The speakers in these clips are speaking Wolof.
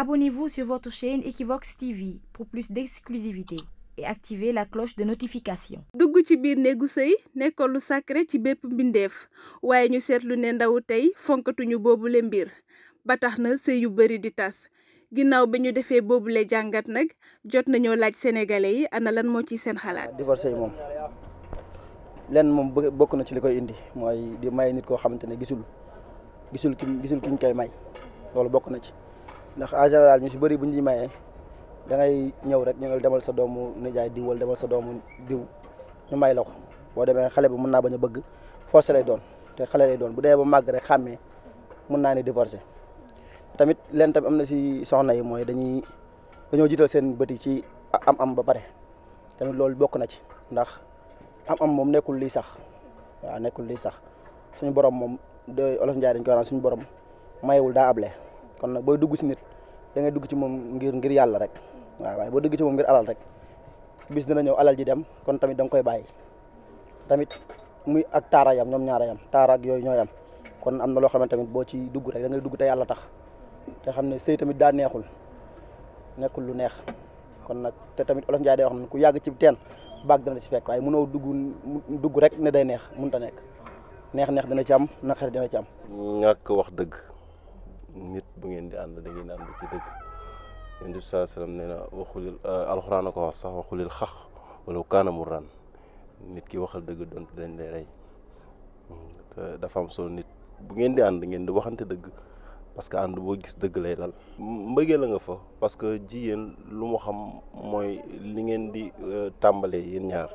Abonnez-vous sur votre chaîne Equivox TV pour plus d'exclusivité et activez la cloche de notification. dugg ci biir néegu sëy nekkoon lu sacré ci bépp mbindeef waaye ñu seetlu ne ndaw tey fonkatuñu boobule mbir ba tax na sëy yu bari di tas ginnaaw bi ñu defee boobule jàngat nag jot nañoo laaj senegale yi ana lan moo ci seen xalaat. divorce yi moom lenn moom bokk na ci li koy indi mooy di may nit koo xamante ne gisul gisul ki gisul ki koy may loolu bokk na ci. ndax en général ñu si bëri bu ñu mayee da ngay ñëw rek ñu demal sa doomu nijaay diw wala demal sa doomu diw ñu may la boo demee xale bi mun naa bañ a bëgg forcé lay doon te xale lay doon bu dee ba màgg rek xàmmee mun naa ne divorcé tamit leen tamit am na si soxna yi mooy dañuy dañoo jital seen bët yi ci am-am ba pare tamit loolu bokk na ci ndax am-am moom nekkul liy sax waaw nekkul liy sax suñu borom moom de olof njaay dañ koy suñu borom mayewul daa kon nag booy dugg si nit. da dugg ci moom ngir ngir yàlla rek waaw waaye boo dugg ci moom ngir alal rek bis dana ñëw alal ji dem kon tamit da koy bàyyi tamit muy ak taara yam ñoom ñaara yam taara ak yooyu ñooy am kon am na loo xam ne tamit boo ci dugg rek dugg te yàlla tax te xam ne sëy tamit daa neexul nekkul lu neex kon nag te tamit olof Njaay day wax na ku yàgg ci teen baag dana ci fekk waaye mënoo dugg dugg rek ne day neex mënut a neex neex dana ci am naqari dana ci am ñàkk wax dëgg nit bu ngeen di ànd da ngeen ànd ci dëgg yonent bi saa salaam nee na waxulil eh, alxuraan ko wax sax waxulil xax wala kaana murran nit ki waxal dëgg donte dañ lay rey te dafa am solo nit bu ngeen di ànd ngeen di waxante dëgg parce que ànd boo gis dëgg lay lal mbëggee la nga fa parce que jigéen lu mu xam mooy li ngeen di eh, tàmbalee yéen ñaar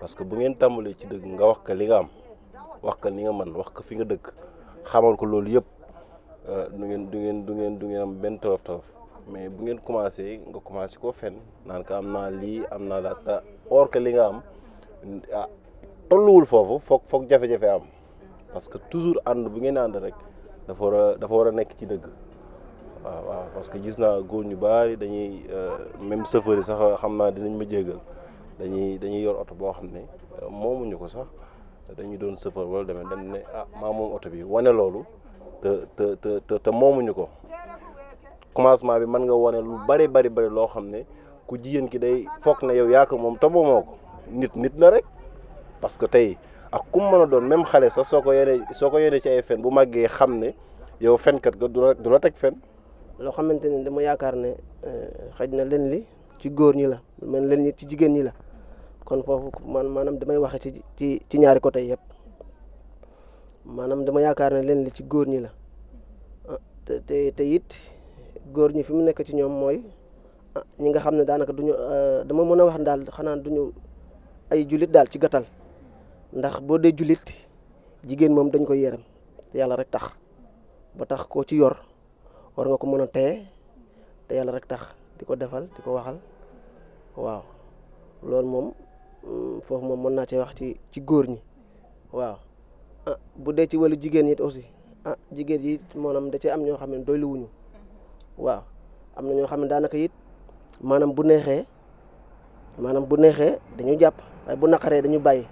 parce que bu ngeen tàmbalee ci dëgg nga wax ko li nga am wax ka li nga mën wax ko fi nga dëgg xamal ko loolu yëpp Euh, du ngeen du ngeen du ngeen du ngeen am benn tolof tolof mais bu ngeen commencé nga commencé koo fen naan ko am naa lii am na la te or que li nga am ah tolluwul foofu foog foog jafe-jafe am parce que toujours ànd bu ngeen ànd rek dafa war a dafa war a nekk ci dëgg waaw parce que gis naa góor ñu bari dañuy euh, même chauffeur yi sax xam naa dinañ ma jéggal dañuy dañuy yor oto boo xam ne euh, moomuñu ko sax dañuy doon chauffeur wala demee dem ne ah maa moom oto bi wane loolu. te te te te moomuñu ko commencement bi mën nga wane lu bari bari bari loo xam ne ku jigéen ki day foog na yow yaa ko moom te moomoo ko nit nit la rek parce que tey ak ku mën a doon même xale sax soo ko yenee soo ko yenee ci ay fen bu màggee xam ne yow fenkat nga du la du la teg fen loo xamante ne dama yaakaar ne euh, xaj na leen li ci góor ñi la man leen li ci jigéen ñi la kon foofu man maanaam damay waxe ci ci ci ñaari côté yëpp maanaam dama yaakaar na leen li ci góor ñi la ah, te te te it góor ñi fi mu nekk ci ñoom mooy ah, ñi nga xam ne daanaka duñu ah, dama mën a wax daal xanaa duñu ay jullit daal ci gàttal ndax boo dee jullit jigéen moom dañ ko yërëm te yàlla rek tax ba tax koo ci yor war nga ko mën a teye te yàlla rek tax di ko defal di ko waxal waaw loolu moom mm, foofu moom mën naa cee wax ci ci góor ñi waaw ah bu dee ci wàllu jigéen ñi aussi ah jigéen yi maanaam da cee am ñoo xam ne doyluwuñu mm-hmm. waaw am na ñoo xam ne daanaka it maanaam bu neexee maanaam bu neexee dañu jàpp bu naqaree dañu bàyyi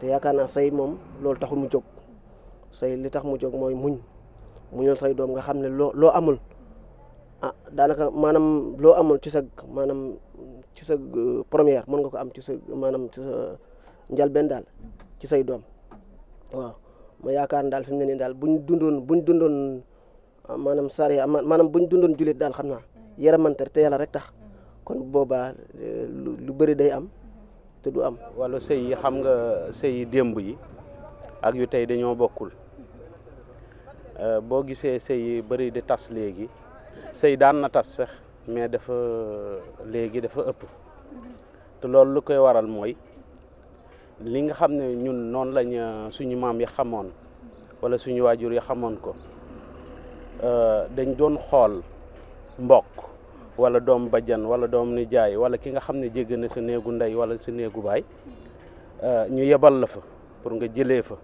te yaakaar naa say moom loolu taxul mu jóg say li tax mu jóg mooy muñ muñal say doom nga xam ne loo loo amul ah daanaka maanaam loo amul ci sa maanaam ci sa euh, première mën nga ko am ci sa maanaam ci euh, njalbeen daal ci say doom waaw ma yaakaar ne daal fi mu ne nii daal buñ dundoon buñ dundoon ah, maanaam sariya maanaam ñu dundoon jullit daal xam naa yaramantar te yàlla rek tax kon boobaa lu bëri day am te du am. wala sëy yi xam nga sëy yi démb yi ak yu tey dañoo bokkul euh, boo gisee sëy yi bëri di tas léegi sëy daan na tas sax mais dafa léegi dafa ëpp te loolu lu koy waral mooy. li nga xam ne ñun noonu lañ euh, suñu maam yi xamoon wala suñu waajur yi xamoon ko euh, dañ doon xool mbokk wala doom bajjan wala doom ni jaay wala ki nga xam ne jégg na sa néegu ndey wala sa néegu baay euh, ñu yebal la fa pour nga jëlee fa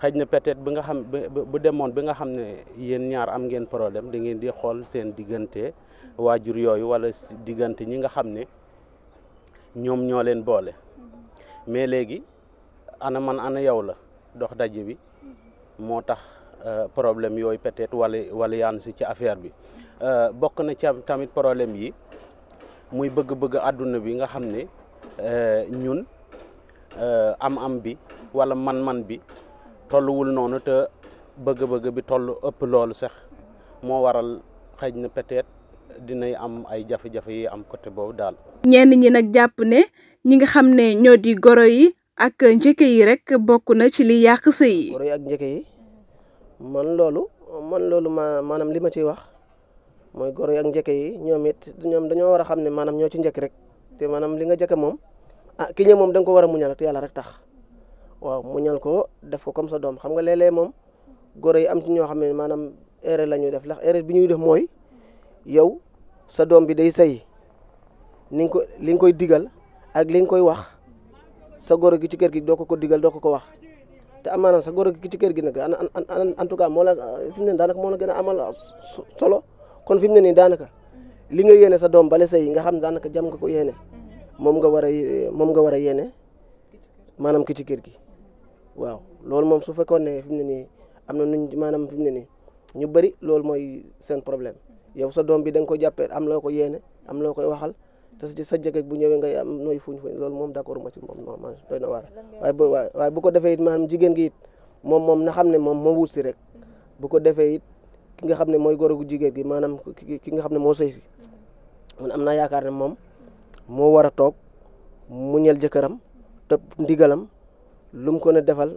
xëj na peut-être bi nga xam bu demoon bi nga xam ne yéen ñaar am ngeen problème da ngeen di xool seen diggante waajur yooyu wala diggante ñi nga xam ne ñoom ñoo leen boole mais léegi ana man ana yow la dox daje bi moo tax euh, problème yooyu peut-être wala wala yaan si ci affaire bi euh, bokk na ci tamit problème yi muy bëgg-bëgg adduna bi nga xam ne euh, ñun am-am bi wala man-man bi tolluwul noonu te bëgg-bëgg bi toll ëpp loolu sax moo waral xëy na peut-être dinay am ay jafe-jafe yi am côté boobu daal. ñenn ñi nag jàpp ne. ñi nga xam ne ñoo di goro yi ak njëkke yi rek bokk na ci li yàq sëy yi. goro yi ak njëkke yi man loolu man loolu ma maanaam li ma ciy wax mooy goro yi ak njëkke yi ñoom it ñoom dañoo war a xam ne maanaam ñoo ci njëkk rek te maanaam li nga njëkk moom a ah, ki ñëw moom da ko war a muñal te yàlla rek tax waaw muñal ko def ko comme sa doom xam nga léeg-léeg moom goro yi am ci ñoo xam ne maanaam erreur la ñuy def ndax erreur bi ñuy def mooy yow sa doom bi day sëy ni ko li koy digal. ak li nga koy wax sa goro gi ci kër gi doo ko ko digal doo ko ko wax te amaana sa goro gi ci kër gi nag en tout cas moo la fi mu ne daanaka moo la gën a amal solo kon fi mu ne nii daanaka li nga yéene sa doom bale say nga xam daanaka jam ko yéene moom nga war a moom nga war a yéene maanaam ki ci kër gi waaw loolu moom su fekkoon ne fi mu ne nii am na nuñ maanaam fi mu ne ñu bëri loolu mooy seen problème yow sa doom bi da ko jàppee am loo ko yéene am loo koy waxal te sa jëkkër bu ñëwee ngay am nooy fuñ fuñ loolu moom d'accord ma ci moom non man na waar waaye bu waaye bu ko defee it maanaam jigéen gi it na xam ne moom moo wut rek bu ko defee it ki nga xam ne mooy gu jigéen gi maanaam ki nga xam ne moo sëy si man am yaakaar ne moom moo war a toog mu ñel jëkkëram te ndigalam lu mu ko ne defal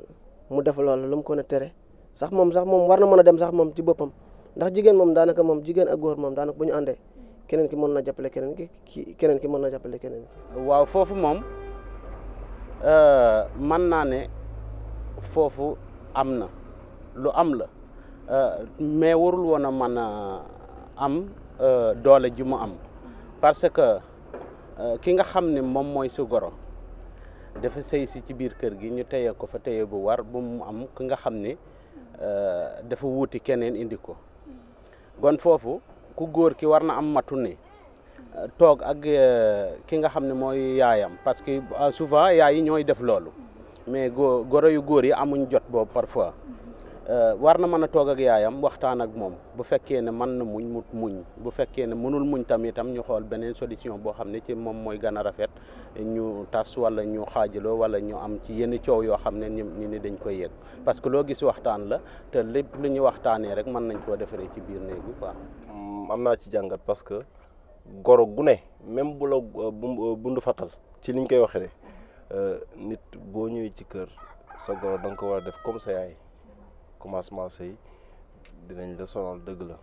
mu defal wala lu mu ko ne tere sax moom sax moom war na mën a dem sax moom ci boppam ndax jigéen moom daanaka moom jigéen ak góor moom daanaka bu ñu àndee keneen ki mën na jàppale keneen ki ki keneen ki mën na jàppale waaw foofu moom euh, man naa ne foofu am na lu am la euh, mais warul woon a mën a am euh, doole ji mu am parce que ki nga xam ne moom mooy su goro dafa sëy si ci biir kër gi ñu teye ko fa teye bu war bu mu am ki nga xam ni dafa wuuti keneen indi ko mm-hmm. kon foofu. ku góor ki war na am matu ni euh, toog ak euh, ki nga xam ni mooy yaayam parce que euh, souvent yaay yi ñooy def loolu mais goro yu góor yi amuñ jot boobu parfois Euh, war na mën a toog ak yaayam waxtaan ak moom bu fekkee ne man na muñ mu muñ bu fekkee ne mënul muñ tamitam ñu xool beneen solution boo xam ne ci moom mooy gën a rafet ñu tas wala ñu xaajaloo wala ñu am ci yenn coow yoo xam ne ni ni dañ koy yëg parce que loo gis waxtaan la te lépp lu ñu waxtaanee rek mën nañ koo defaree ci biir néeg bi mm, am naa ci jàngat parce que goro gu ne même bu la euh, euh, bundu ci liñ koy waxee nit boo ñëwee ci kër sa goro da ko war a def comme sa yaay. commencement sëy dinañ la sonal dëgg la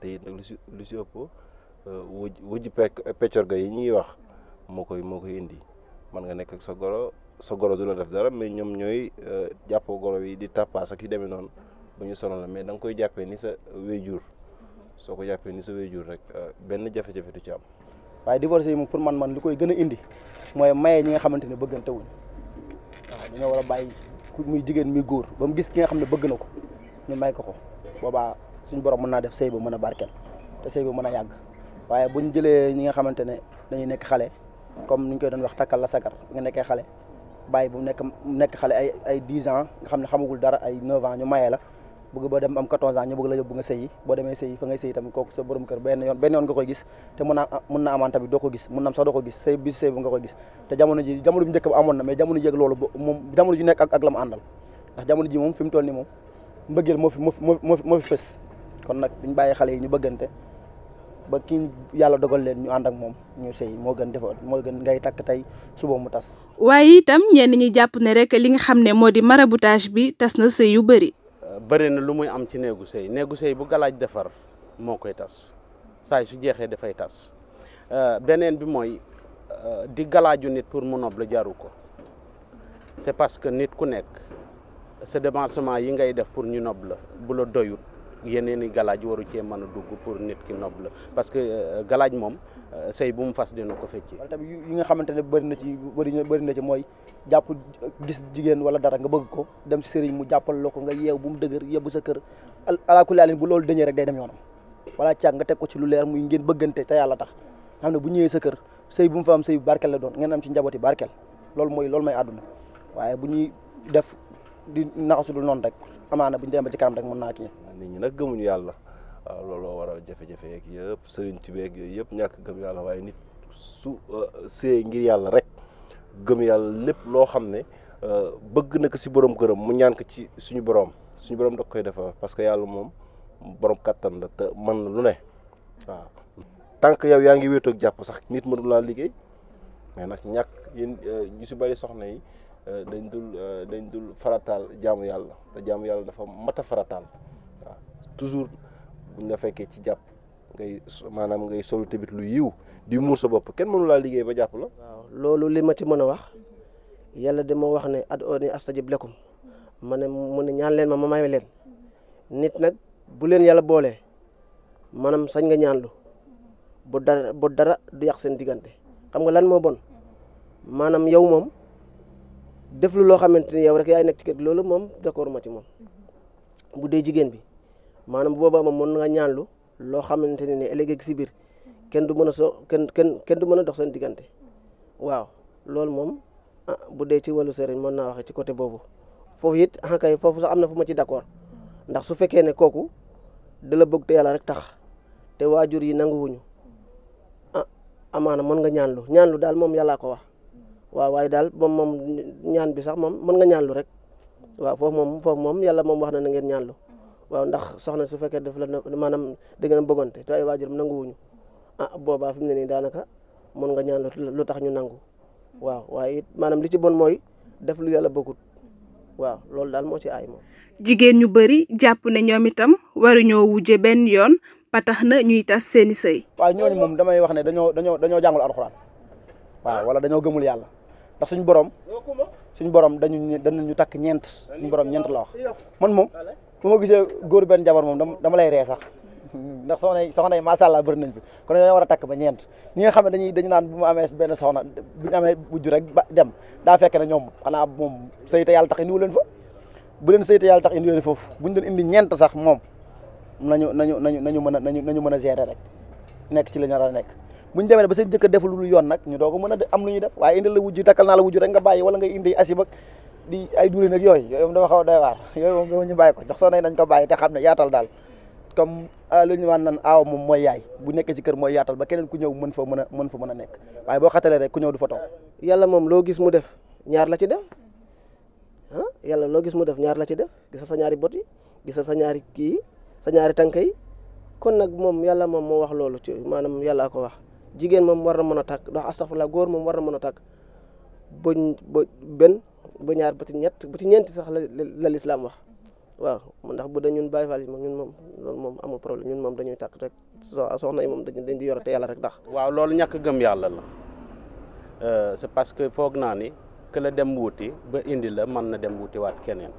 te it nag lu si lu si ëpp wuj euh, wujj pecc ga yi ñuy wax moo koy moo koy indi man nga nekk ak sa goro sa goro du la def dara mais ñoom ñooy euh, jàppo goro yi di tappaas ak yi demee noonu ba ñu sonal la mais danga koy jàppee nii sa wéyjur soo ko jàppee ni sa wéyjur rek euh, benn jafe-jafe du ci am. waaye divorce yi moom pour man man li koy gën a indi mooy maye ñi nga xamante ne bëggante wuñ dañoo war a bàyyi. muy jigéen muy góor ba mu gis ki nga xam ne bëgg na ko ñu may ko ko boobaa suñu borom mën naa def sëy ba mën a barkeel te sëy ba mën a yàgg waaye bu ñu jëlee ñi nga xamante ne dañuy nekk xale comme ni ñu koy doon wax takkal la sagar nga nekkee xale bàyyi bu nekk nekk xale ay ay dix ans nga xam ne xamagul dara ay neuf ans ñu mayee la bëgg ba dem am 14 ans ñu bëgg la yóbbu nga sëyi boo demee sëyi fa ngay sëyi tamit kooku sa borom kër benn yoon benn yoon nga koy gis te mën naa mën naa amaan tamit doo ko gis mën naam sax doo ko gis ji moom jamono ji nekk mu ni moom mbëggeel moo fi moo moo fi fës kon nag dañ bàyyi xale ñu bëggante ba kii yàlla dogal leen ñu ànd ak moom ñu sëy moo gën defa moo gën ngay takk tey suba mu tas waaye itam ñenn ñi jàpp ne rek li nga xam ne moo di maraboutage bi tas na sëy yu bëri bëri na lu muy am ci néegu sëy néegu sëy bu galaaj defar moo koy tas saay su jeexee dafay tas euh, beneen bi mooy euh, di galaaju nit pour mu nob la jaru ko c'est parce que nit ku nekk sa dépensement yi ngay def pour ñu la bu la doyut yeneen i galaaj waru cee mën a dugg pour nit ki nob la parce que euh, galaaj moom euh, sëy bu mu fas dina ko fecci wala tamit yi nga xamante ne bëri na ci bëri na mooy jàpp euh, gis jigéen wala dara nga bëgg ko dem si sëriñ mu jàppal loo ko nga yeew bu mu dëgër yebbu sa kër alaakulaalin bu loolu dëñee rek day dem yoonam wala caag nga teg ko ci lu leer muy ngeen bëggante te yàlla tax nga xam ne bu ñëwee sa kër sëy bu mu fa am sëy bu barkeel la doon nga am ci njabooti barkeel loolu mooy loolu mooy àdduna waaye bu ñuy def di naxasudul noonu rek amaana bu ñu demee ba rek mën naa kii ñi nag gëmuñu yàlla waaw looloo waral jafe-jafe yeeg yëpp sëriñ tubeeg yooyu yëpp ñàkk gëm yàlla waaye nit su euh, see ngir yàlla rek gëm yàlla lépp loo xam ne euh, bëgg na ko si borom këram mu ñaan ko ci suñu borom suñu borom da koy defar parce que yàlla moom boroom kattan la te mën lu ne waaw. tant que yow yaa ngi wéetoog jàpp sax nit ma mënu laa liggéey mais nag ñàkk yéen euh, ñu si bari soxna yi dañ dul dañ dul farataal jaamu yàlla te yàlla dafa mat a farataal. toujours buñ la fekkee ci jàpp ngay maanaam ngay solu tamit lu yiw di muur sa bopp kenn mënu liggéey ba jàpp la. loolu li ma ci mën a wax yàlla dama wax ne ad'uuni astajib lakum ma ne mu ne ñaan leen ma ma may leen nit nag bu leen yàlla boolee maanaam sañ nga ñaanlu bu dara bu dara du yàq seen diggante xam nga lan moo bon maanaam yow moom def lu loo xamante ni yow rek yaay nekk ci kër loolu moom d'accord ma ci moom bu dee jigéen bi. maanaam boobaa moom mën nga ñaanlu loo xamante ne ne ëllëg si biir kenn du mën a soo kenn kenn kenn du mën a dox seen diggante waaw loolu moom ah bu dee ci wàllu sëriñ mën naa waxee ci côté boobu foofu it ah kay foofu sax am na fu ma ci d'accord ndax su fekkee ne kooku dala bëgg te yàlla rek tax te waajur yi nanguwuñu ah amaana mën nga ñaanlu ñaanlu daal moom yàllaa ko wax waaw waaye daal moom moom ñaan bi sax moom mën nga ñaanlu rek waaw foofu moom foofu moom yàlla moom wax na na ngeen ñaanlu waaw ndax soxna su fekkee daf la maanaam da ngeen bëggante te ay waajuram nanguwuñu ah boobaa fim mu ne nii daanaka mën nga ñaan lu tax ñu nangu waaw waaye it maanaam li ci bon mooy def lu yàlla bëggut waaw loolu daal moo ci ay moom. jigéen ñu bari jàpp ne ñoom itam waruñoo wujje benn yoon ba tax na ñuy tas seeni sëy. waaw ñooñu moom damay wax ne dañoo dañoo dañoo jàngul alxuraan waaw wala dañoo gëmul yàlla ndax suñu borom suñu borom dañu dañu takk ñeent suñu borom la bu ma gisee góor benn jabar moom dama dama lay ree sax ndax soxna yi soxna yi macha allah bëri nañ fi kon dañoo takk ba ñeent ñi nga xam ne dañuy dañu naan bu mu amee benn soxna bu ñu amee wujju rek ba dem daa fekk ne ñoom xanaa moom sëy te yàlla tax indiwu leen fa bu leen sëy yàlla tax indiwu leen foofu bu ñu doon indi ñeent sax moom na nañu na nañu mën a nañu nañu mën a gérer rek nekk ci la ñu nekk bu ñu demee ba seen jëkkër deful lu yoon nag ñu doog a am lu ñuy def waaye indi la wujju takkal naa la wujju rek nga bàyyi wala nga indi asib di ay duule nag yooy yooyu moom dama xaw a doy waar yooyu moom dama ñu bàyyi ko jox soo nañ ko bàyyi te xam ne yaatal daal comme euh, lu ñu waan nan aaw moom mooy yaay bu nekkee si kër mooy yaatal ba keneen ku ñëw mën fa mën a mën fa mën a nekk waaye boo xatalee rek ku ñëw du fa toog moom loo gis mu def ñaar la ci def ah yalla loo gis mu def ñaar la ci def gisa sa ñaari bot yi gisal sa ñaari kii sa ñaari tànk yi kon nag moom yàlla moom moo wax loolu ci maanaam yàllaa ko wax jigéen moom war na mën a tàkk ndax astafurlah góor moom war na mën a tàkk bañ ba bu ñaar ba ci ñett ba ci ñeenti sax la la lislaam wax waaw ndax bu dee ñun Baay Faal yi moom ñun moom loolu moom amul problème ñun moom dañuy tàkk rek soxna yi moom dañu dañ di yore te yàlla rek ndax. waaw loolu ñàkk gëm yàlla la euh, c'est parce que foog naa ni que la dem wuti ba indi la mën na dem wuti waat keneen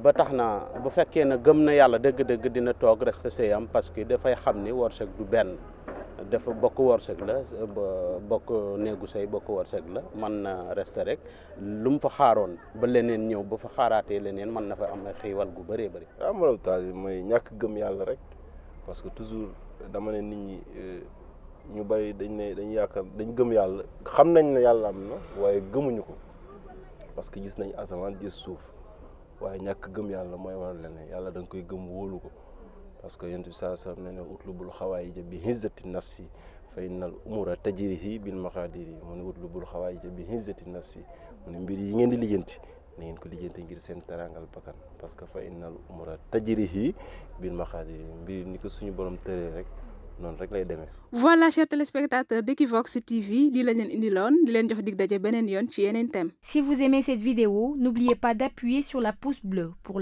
ba tax na bu fekkee ne gëm na yàlla dëgg-dëgg dina toog reste sëyam parce que dafay xam ni wërsëg du benn. dafa bokk wërsëg la bokk néegu say bokk wërsëg la man na reste rek lu mu fa xaaroon ba leneen ñëw ba fa xaaraatee leneen mën na fa am xiiwal gu bëree bëri waaw maraw taas mooy ñàkk gëm yàlla rek parce que toujours dama ne nit ñi euh, ñu bëri dañ ne dañ yaakaar dañ gëm yàlla xam nañ ne yàlla am na waaye gëmuñu ko parce que gis nañ asamaan gis suuf waaye ñàkk gëm yàlla mooy waral leneen yàlla da nga koy gëm wóolu ko parce que yonent bi saa sallam ne ne utlubul xawaayija bi hizzati nafsi fa innal umura tajrihi bil maqadiri mu ne utlubul xawaayija bi hizzati nafsi mu ne mbir yi ngeen di lijjanti na ngeen ko lijjanti ngir seen tarangal bakkan parce que fa innal umura tajrihi bil maqadiri mbir ni ko suñu borom tëree rek noonu rek lay demee. beneen yoon ci yeneen thème. si vous la pouce bleue pour